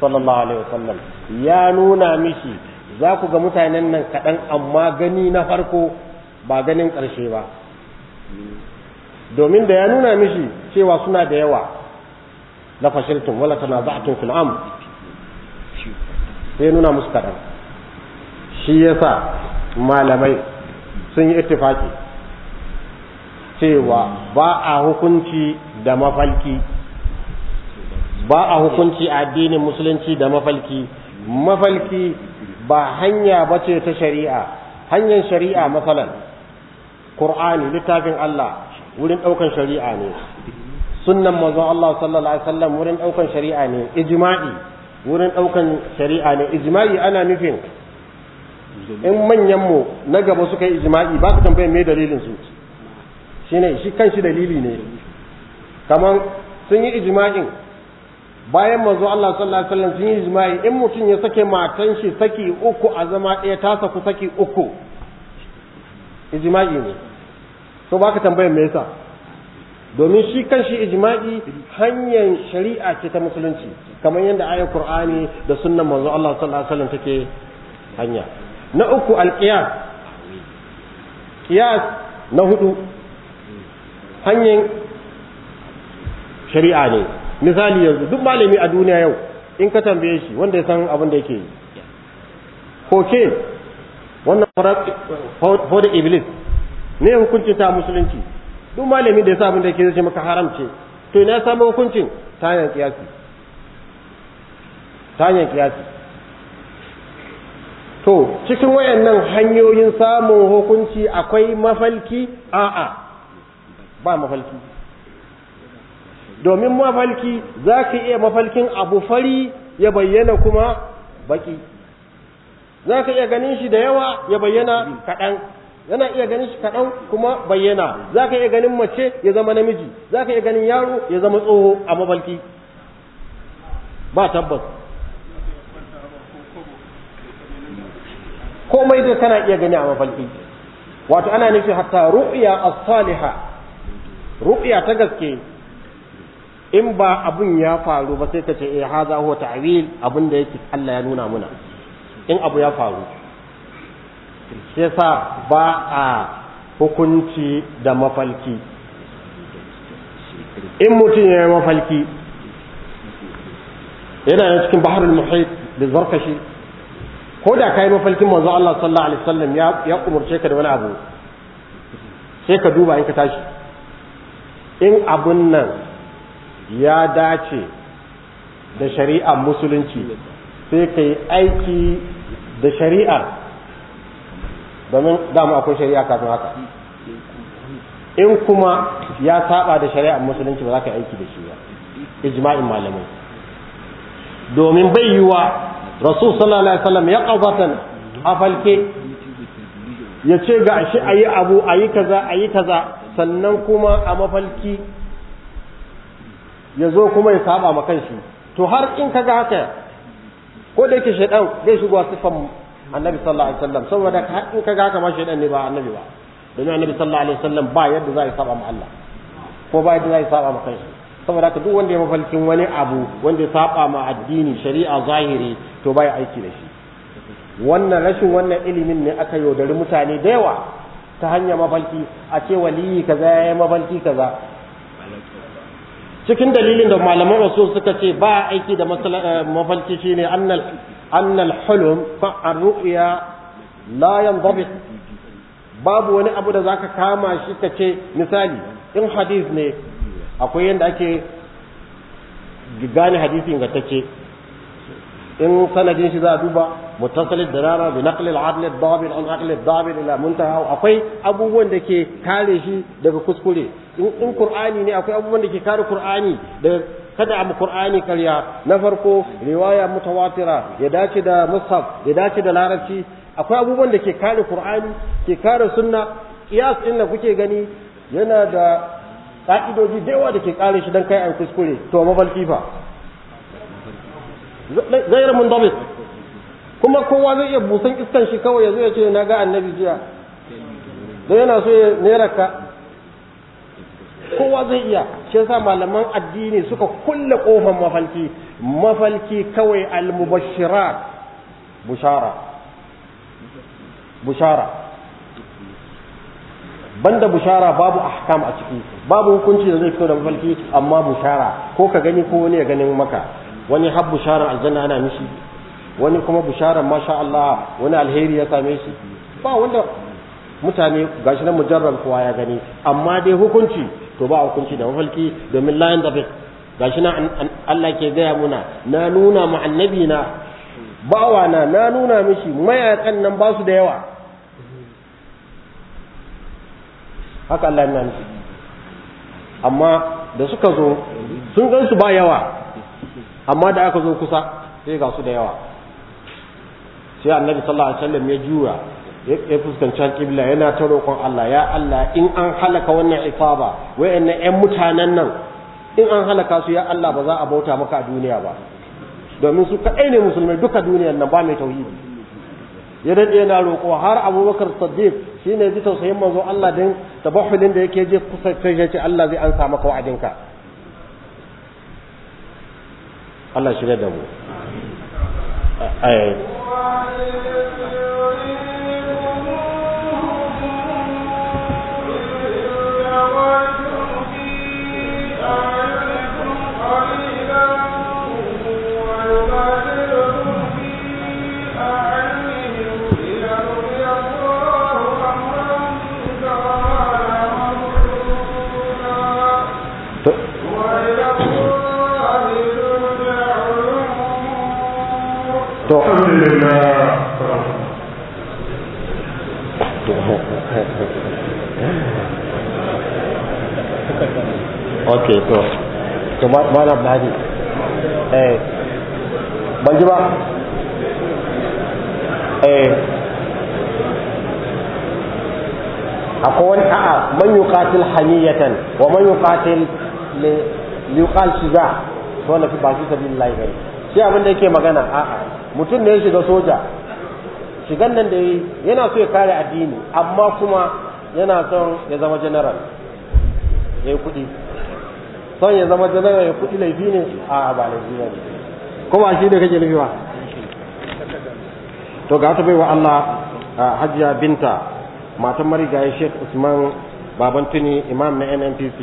sallallahu alaihi wasallam ya nuna mishi za ku ga mutanen nan kaɗan amma gani na farko ba ganin ƙarshe ba domin da ya nuna mishi cewa suna da yawa la fashiltum wala tanaza'tum fil amr sai nuna musu kaɗan. shi yasa malamai sun yi ittifaki cewa ba a hukunci da mafalki ba a hukunci addinin musulunci da mafalki mafalki ba hanya bace ta shari'a hanyar shari'a masalan Qur'ani littafin Allah wurin ɗaukan shari'a ne sunnan manzon Allah sallallahu alaihi wasallam wurin ɗaukan shari'a ne ijma'i wurin ɗaukan shari'a ne ijma'i ana nufin in manyan mu na gaba suka yi ijma'i ba su tambayar me dalilin su shine shi kanshi dalili ne kaman sun yi ijma'in bayan manzo Allah sallallahu alaihi wasallam sun yi ijma'i in mutum ya sake matan shi saki uku a zama ɗaya ta saku saki uku ijma'i ne so ba ka tambayar me yasa domin shi kan shi ijma'i hanyar shari'a ce ta musulunci kamar yadda ayar qur'ani da sunnan manzo Allah sallallahu alaihi wasallam take hanya na uku alqiyas qiyas na hudu hanyar shari'a ne misali yanzu duk malami a duniya yau in ka tambaye shi wanda ya san abin da yake yi koke wannan fara iblis Ne hukuncin ta musulunci duk malami da ya sa abin da yake zai maka haram ce to ina ya samu hukuncin ta hanyar kiyasi ta hanyar kiyasi to cikin wayannan hanyoyin samun hukunci akwai mafalki a'a ba mafalki domin mafalki za ka iya mafalkin abu fari ya bayyana kuma baki za ka iya ganin shi da yawa ya bayyana kaɗan yana iya ganin shi kaɗan kuma bayyana za ka iya ganin mace ya zama namiji za ka iya ganin yaro ya zama tsoho a mabalki ba tabbas komai da kana iya gani a mabalki wato ana nufi hatta ru'ya as-saliha ru'ya ta gaske in ba abun ya faru ba sai ka ce eh haza huwa ta'wil abin da yake Allah ya nuna muna in abu ya faru shi yasa ba a hukunci da mafalki in mutum ya yi mafalki yana yana cikin baharul muhit da zarkashi ko da ka yi mafalkin manzo Allah sallallahu alaihi wasallam ya ya umurce ka da wani abu sai ka duba in ka tashi in abun nan ya dace da shari'ar musulunci sai ka yi aiki da shari'ar domin dama akwai shari'a kafin haka in kuma ya saba da shari'ar musulunci ba za ka aiki da shi ba ijma'in malamai domin bai yiwa rasul sallallahu alaihi wasallam ya qazatan a falke ya ce ga shi ayi abu ayi kaza ayi kaza sannan kuma a mafalki ya zo kuma ya saba ma kanshi to har in kaga haka ko da yake shaidan zai shigo sifan annabi sallallahu alaihi wasallam saboda in ka ga shi shaydan ne ba annabi ba domin annabi sallallahu alaihi wasallam ba yadda za ya saba ma Allah ko ba yadda za ya saba ma kanshi saboda ka duk wanda ya mafalkin wani abu wanda ya saba ma addini shari'a zahiri to baya aiki da shi wannan rashin wannan ilimin ne aka yaudari mutane da yawa ta hanyar mafalki a ce waliyi kaza ya yi mafalki kaza cikin dalilin da malaman rasul suka ce ba aiki da eh, mafalki shine annal أن الحلم مع لا ينضبط babu wani abu da zaka kama shi ka ce misali in hadith ne akwai yadda ake gane hadisi ingantacce in sanadin shi za a duba muttasalid dirara bi naqli al-adl an aqli ad ila muntaha akwai abubuwan da ke kare shi daga kuskure in qur'ani ne akwai abubuwan da ke kare qur'ani daga kada abu qur'ani karya na farko riwaya mutawatira ya dace da mushaf ya dace da larabci akwai abubuwan da ke kare qur'ani ke kare sunna qiyas din da kuke gani yana da ka'idoji da yawa da ke kare shi dan kai ai kuskure to mabalki fa gairu mundabit kuma kowa zai iya busan iskan shi kawai yazo ya ce na ga annabi jiya dan yana so ya nera ka kowa zai iya shi yasa malaman addini suka kulle kofar mafalki mafalki kawai almubashirat bushara bushara banda bushara babu ahkam a ciki babu hukunci da zai fito da mafalki amma bushara ko ka gani ko wani ya ganin maka wani har bushara aljanna ana mishi wani kuma bushara masha Allah wani alheri ya same shi ba wanda mutane gashi na mujarrar kowa ya gani amma dai hukunci to ba hukunci da mafalki domin la ga gashi na Allah ke gaya muna na nuna mu annabi na bawa na na nuna mishi mayakan nan ba su da yawa haka Allah na nufi amma da suka zo sun gan su ba yawa amma da aka zo kusa sai ga su da yawa sai annabi sallallahu alaihi wasallam ya jura ya fuskanci alƙibla yana ta roƙon Allah ya Allah in an halaka wannan ifaba ne ƴan mutanen nan in an halaka su ya Allah ba za a bauta maka a duniya ba domin su kaɗai ne musulmai duka duniyar nan ba mai tauhidi ya daɗe yana roƙo har abubakar siddiq shi ne ji tausayin manzo Allah din tabahulin da yake je kusa sai ya ce Allah zai ansa maka wa'adinka Allah shirya da mu to ok to to mana bani eh ban ji ba eh akwai wani a'a man yuqatil haniyatan wa man yuqatil li yuqal shiza na fi ba shi lai bai shi abin da yake magana a'a mutum ne ya shiga soja shigan nan da yi yana so ya kare addini amma kuma yana son ya zama general ya yi kuɗi son ya zama general ya kuɗi laifi ne a ba laifi ne kuma shi da kake nufiwa to ga ta baiwa Allah hajiya binta matan marigayi Sheikh Usman baban tuni imam na NNPC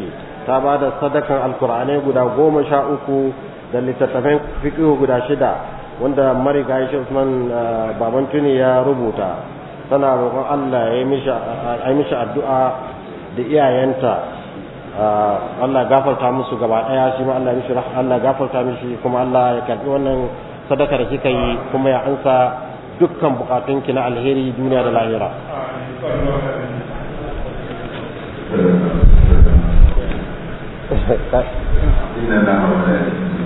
ta ba da sadakan alkur'anai guda goma sha uku da littattafan fiƙi guda shida wanda mariga shi Usman ah, baban tuni ya rubuta tana roƙon Allah ya yi mishi addu'a da iyayenta ah, Allah gafarta musu gaba ɗaya shi ma Allah mishi Allah gafarta mishi kuma Allah ya karɓi wannan sadaka da kika yi kuma ya ansa dukkan ki na alheri duniya da lahira Thank you.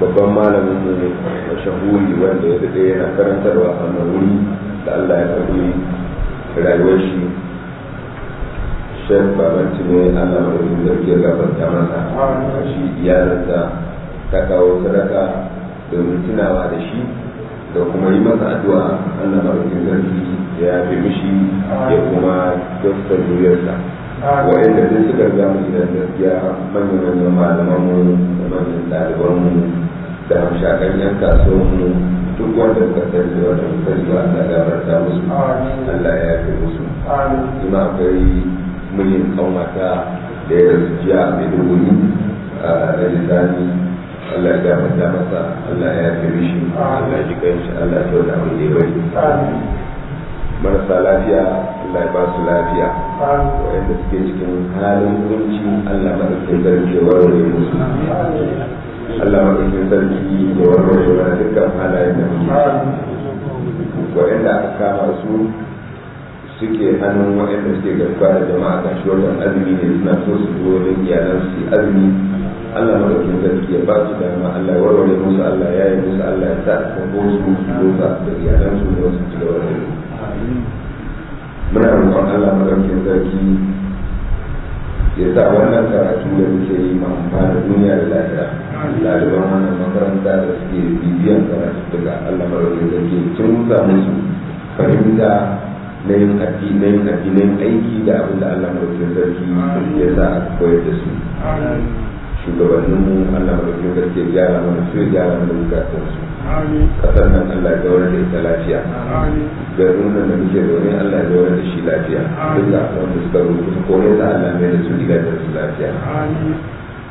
babban malamin mu ne shahuri wanda ya daɗe yana karantarwa a mawuri da Allah ya karbi rayuwar shi shek babanci ne Allah mai yin zarki ya gabata masa shi iyalinsa ta kawo sadaka domin tunawa da shi da kuma yi masa addu'a Allah mai yin zarki ya fi mishi ya kuma kyautar zuriyarsa waɗanda duk suka riga idan gidan gaskiya manyan manyan malaman mu da manyan ɗaliban mu da hamshakan yan kasuwan mu duk wanda suka da yi musu Allah ya musu da ya rasu jiya a Maiduguri a Rajistani Allah ya gafarta masa Allah ya yafe mishi Allah ya Allah ya marasa lafiya Allah ya ba su lafiya wa'anda suke cikin halin kunci Allah ba su zarfewar musu Allah madaukakin sarki ya warware mana dukkan halayen da muke waɗanda aka kama su suke hannun waɗanda suke garkuwa da jama'a kan shi wajen azumi ne suna so su zo wajen iyalan su yi azumi Allah madaukakin sarki ya ba su dama Allah ya warware musu Allah ya yi musu Allah ya sa a ko su su zo da iyalan su da wasu ci gaba da muna roƙon Allah madaukakin sarki ya sa wannan karatu da muke yi ma amfani duniya da lafiya ɗaliban wannan makaranta da suke bibiyan karatu daga Allah mararrai da ke turta musu fahimta na yin addinin addinin aiki da abin da Allah mararrai sarki ya sa a koyar da su mu Allah mararrai da ke gyara mana su gyara mana bukatunsu kasar nan Allah ya wani da ita lafiya garin nan da muke zaune Allah ya wani da shi lafiya duk da wanda suka rubuta komai da Allah mai da su da su lafiya